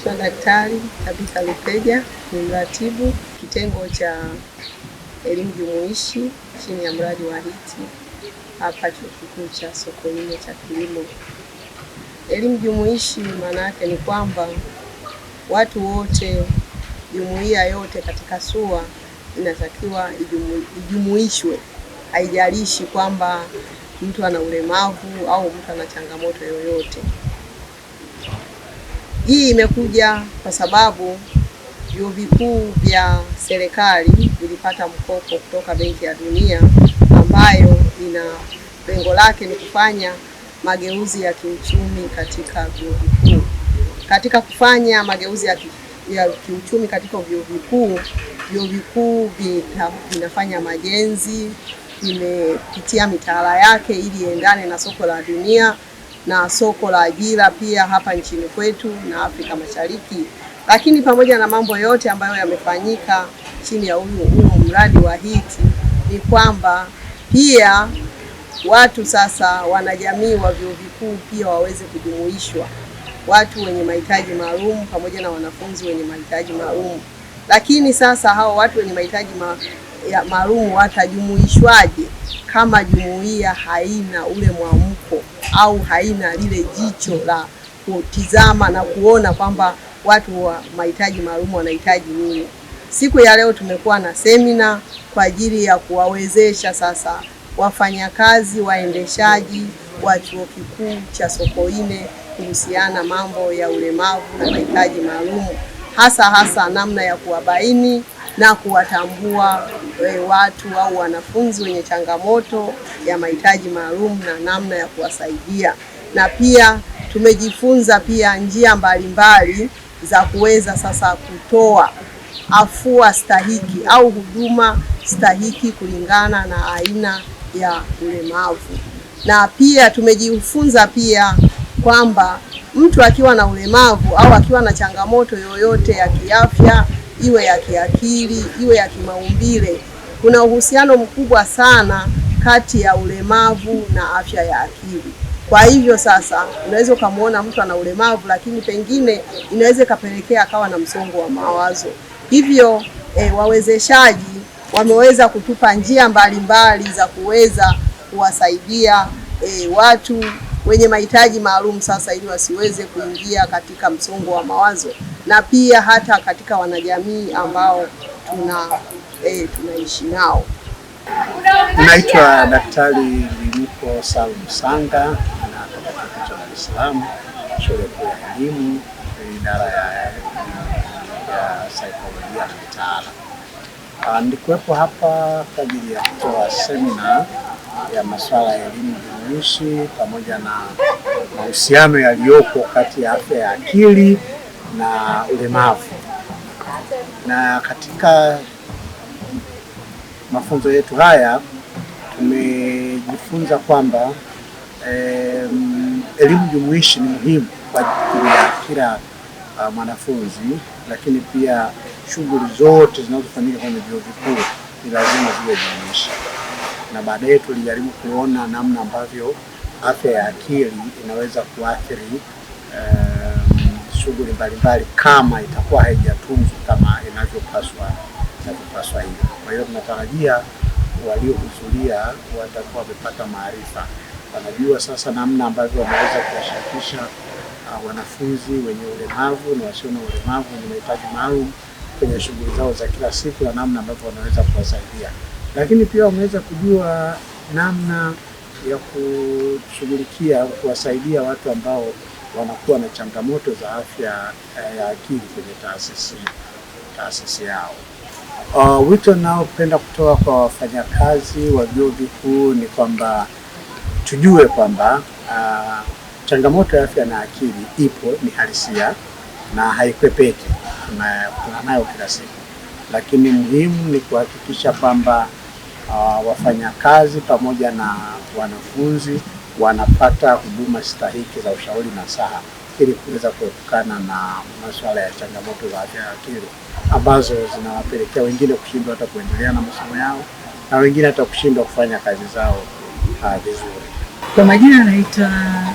Naitwa Daktari Tabitha Lupeja, ni mratibu kitengo cha elimu jumuishi chini ya mradi wa hiti hapa Chuo Kikuu cha Sokoine cha Kilimo. Elimu jumuishi maana yake ni kwamba watu wote, jumuiya yote katika SUA inatakiwa ijumu, ijumuishwe, haijalishi kwamba mtu ana ulemavu au mtu ana changamoto yoyote. Hii imekuja kwa sababu vyuo vikuu vya serikali vilipata mkopo kutoka Benki ya Dunia ambayo ina lengo lake ni kufanya mageuzi ya kiuchumi katika vyuo vikuu. Katika kufanya mageuzi ya, ki, ya kiuchumi katika vyuo vikuu, vyuo vikuu vinafanya majenzi, vimepitia mitaala yake ili iendane na soko la dunia na soko la ajira pia hapa nchini kwetu na Afrika Mashariki. Lakini pamoja na mambo yote ambayo yamefanyika chini ya huyu mradi wa HEET ni kwamba pia watu sasa, wanajamii wa vyuo vikuu pia waweze kujumuishwa, watu wenye mahitaji maalum pamoja na wanafunzi wenye mahitaji maalum. Lakini sasa hao watu wenye mahitaji maalum watajumuishwaje? kama jumuiya haina ule mwamko au haina lile jicho la kutizama na kuona kwamba watu wa mahitaji maalum wanahitaji nini. Siku ya leo tumekuwa na semina kwa ajili ya kuwawezesha sasa wafanyakazi waendeshaji wa chuo kikuu cha Sokoine kuhusiana mambo ya ulemavu na mahitaji maalum, hasa hasa namna ya kuwabaini na kuwatambua eh, watu au wanafunzi wenye changamoto ya mahitaji maalum na namna ya kuwasaidia, na pia tumejifunza pia njia mbalimbali mbali za kuweza sasa kutoa afua stahiki au huduma stahiki kulingana na aina ya ulemavu. Na pia tumejifunza pia kwamba mtu akiwa na ulemavu au akiwa na changamoto yoyote ya kiafya iwe ya kiakili, iwe ya kimaumbile. Kuna uhusiano mkubwa sana kati ya ulemavu na afya ya akili. Kwa hivyo sasa, unaweza ukamwona mtu ana ulemavu, lakini pengine inaweza ikapelekea akawa na msongo wa mawazo. Hivyo e, wawezeshaji wameweza kutupa njia mbalimbali mbali za kuweza kuwasaidia e, watu wenye mahitaji maalum sasa, ili wasiweze kuingia katika msongo wa mawazo, na pia hata katika wanajamii ambao tuna eh, tunaishi nao. Naitwa Daktari Liliko Salum Sanga, natoka Chuo cha Dar es Salaam, shule ya elimu, idara ya saikolojia na mtaala. Ah, nilikuwepo hapa kwa ajili ya kutoa semina ya masuala ya elimu tunavyoishi pamoja na mahusiano yaliyopo kati ya afya ya akili na ulemavu. Na katika mafunzo yetu haya tumejifunza kwamba elimu jumuishi ni muhimu kwa ya kila uh, mwanafunzi, lakini pia shughuli zote zinazofanyika kwenye vyuo vikuu ni lazima ziwe jumuishi na baadaye tulijaribu kuona namna ambavyo afya ya akili inaweza kuathiri um, shughuli mbalimbali kama itakuwa haijatunzwa kama inavyopaswa inavyopaswa hiyo. Kwa hiyo tunatarajia waliohudhuria watakuwa wamepata maarifa, wanajua sasa namna ambavyo wanaweza kuwashirikisha uh, wanafunzi wenye ulemavu na wasio na ulemavu wenye mahitaji maalum kwenye shughuli zao za kila siku na namna ambavyo wanaweza kuwasaidia lakini pia wameweza kujua namna ya kushughulikia kuwasaidia watu ambao wanakuwa na changamoto za afya eh, ya akili kwenye taasisi taasisi yao. Uh, wito naopenda kutoa kwa wafanyakazi wa vyuo vikuu ni kwamba tujue kwamba uh, changamoto ya afya na akili ipo, ni halisia na haikwepeki, kuna nayo kila siku, lakini muhimu ni kuhakikisha kwamba Ah, wafanyakazi pamoja na wanafunzi wanapata huduma stahiki za ushauri na saha ili kuweza kuepukana na masuala ya changamoto za afya ya akili ambazo zinawapelekea wengine kushindwa hata kuendelea na masomo yao na wengine hata kushindwa kufanya kazi zao ah, vizuri. kwa majina anaitwa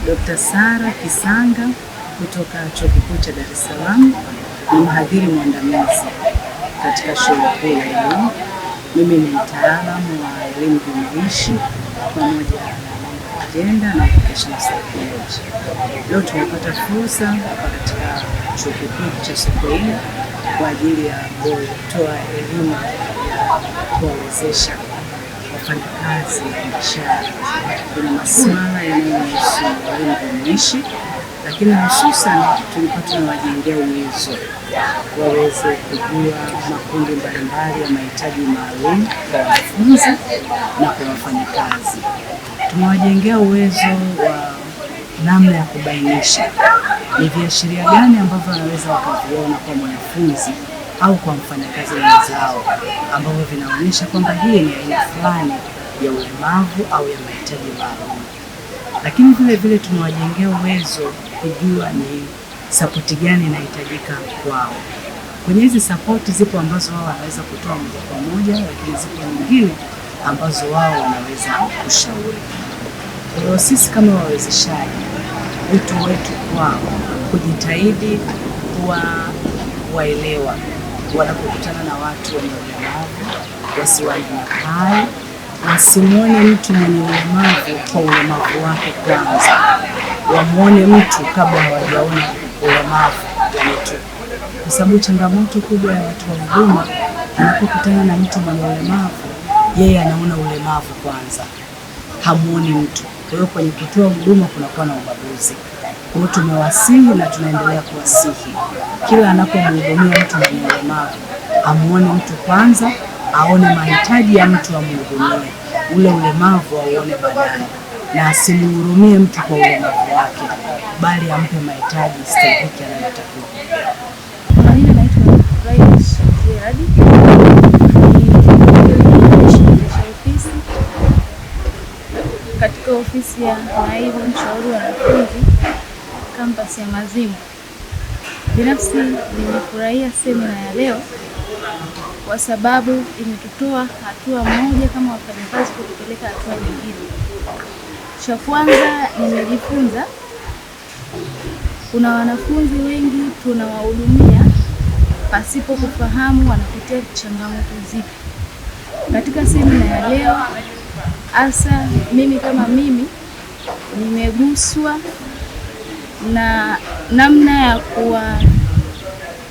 Dr. Sara Kisanga kutoka Chuo Kikuu cha Dar es Salaam, ni mhadhiri mwandamizi katika shule kuu ya mimi ni mtaalamu wa elimu jumuishi pamoja na ajenda na educational psychology. Leo tumepata fursa katika chuo kikuu cha Sokoine kwa ajili ya kutoa elimu ya kuwawezesha wafanyakazi wa biashara kwenye masuala yanayohusu elimu jumuishi lakini hususan tulikuwa tunawajengea uwezo waweze kujua makundi mbalimbali ya mahitaji maalum kwa wanafunzi na kwa wafanyakazi. Tumewajengea uwezo wa namna ya kubainisha ni viashiria gani ambavyo wanaweza wakaviona kwa mwanafunzi au kwa mfanyakazi mwenzao ambavyo vinaonyesha kwamba hii ni aina fulani ya ulemavu au ya mahitaji maalum, lakini vile vile tumewajengea uwezo kujua ni sapoti gani inahitajika kwao. Kwenye hizi sapoti zipo ambazo wao wanaweza kutoa moja kwa moja, lakini zipo nyingine ambazo wao wanaweza kushauri. Kwa hiyo sisi kama wawezeshaji, wito wetu kwao kujitahidi kuwa waelewa wanapokutana na watu wenye ulemavu, wasiwane makali, wasimwone mtu mwenye ulemavu kwa ulemavu wake kwanza wamwone mtu kabla hawajaona ulemavu wa mtu, kwa sababu changamoto kubwa ya watu wa huduma anapokutana na mtu mwenye ulemavu, yeye anaona ulemavu kwanza, hamuoni mtu. Kwa hiyo kwenye kutoa huduma kunakuwa na ubaguzi. Kwa hiyo tumewasihi na tunaendelea kuwasihi kila anapomhudumia mtu mwenye ulemavu amuone mtu kwanza, aone mahitaji ya mtu amhudumie, ule ulemavu auone baadaye na asimhurumie mtu kwa ulemavu wake, bali ampe mahitaji stahiki anayotakiwa. Katika ofisi ya naibu mshauri wa wanafunzi kampasi ya Mazimbu. Binafsi nimefurahia semina ya leo kwa sababu imetutoa hatua moja kama wafanyakazi kutupeleka hatua nyingine. Cha kwanza nimejifunza kuna wanafunzi wengi tunawahudumia pasipo kufahamu wanapitia changamoto zipi. Katika semina ya leo, hasa mimi kama mimi nimeguswa na namna ya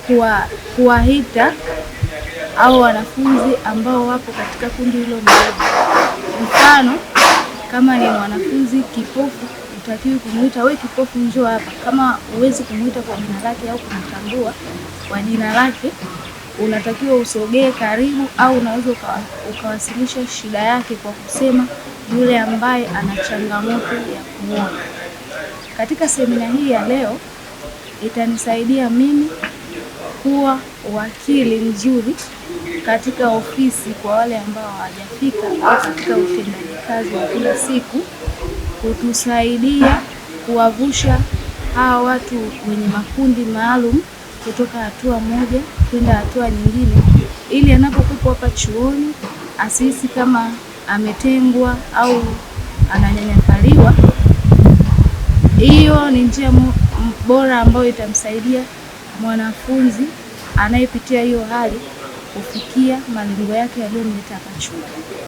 kuwa kuwahita au wanafunzi ambao wapo katika kundi hilo mdogo, mfano kama ni mwanafunzi kipofu, utakiwi kumwita we kipofu, njoo hapa. Kama uwezi kumwita kwa jina lake au kumtambua kwa jina lake, unatakiwa usogee karibu, au unaweza ukawasilisha shida yake kwa kusema yule ambaye ana changamoto ya kuona. Katika semina hii ya leo itanisaidia mimi kuwa wakili mzuri katika ofisi kwa wale ambao hawajafika au katika utendaji kazi wa kila siku, kutusaidia kuwavusha hawa watu wenye makundi maalum kutoka hatua moja kwenda hatua nyingine, ili anapokuwa hapa chuoni asihisi kama ametengwa au ananyanyapaliwa. Hiyo ni njia bora ambayo itamsaidia mwanafunzi anayepitia hiyo hali kufikia malengo yake yaliyomleta chuo.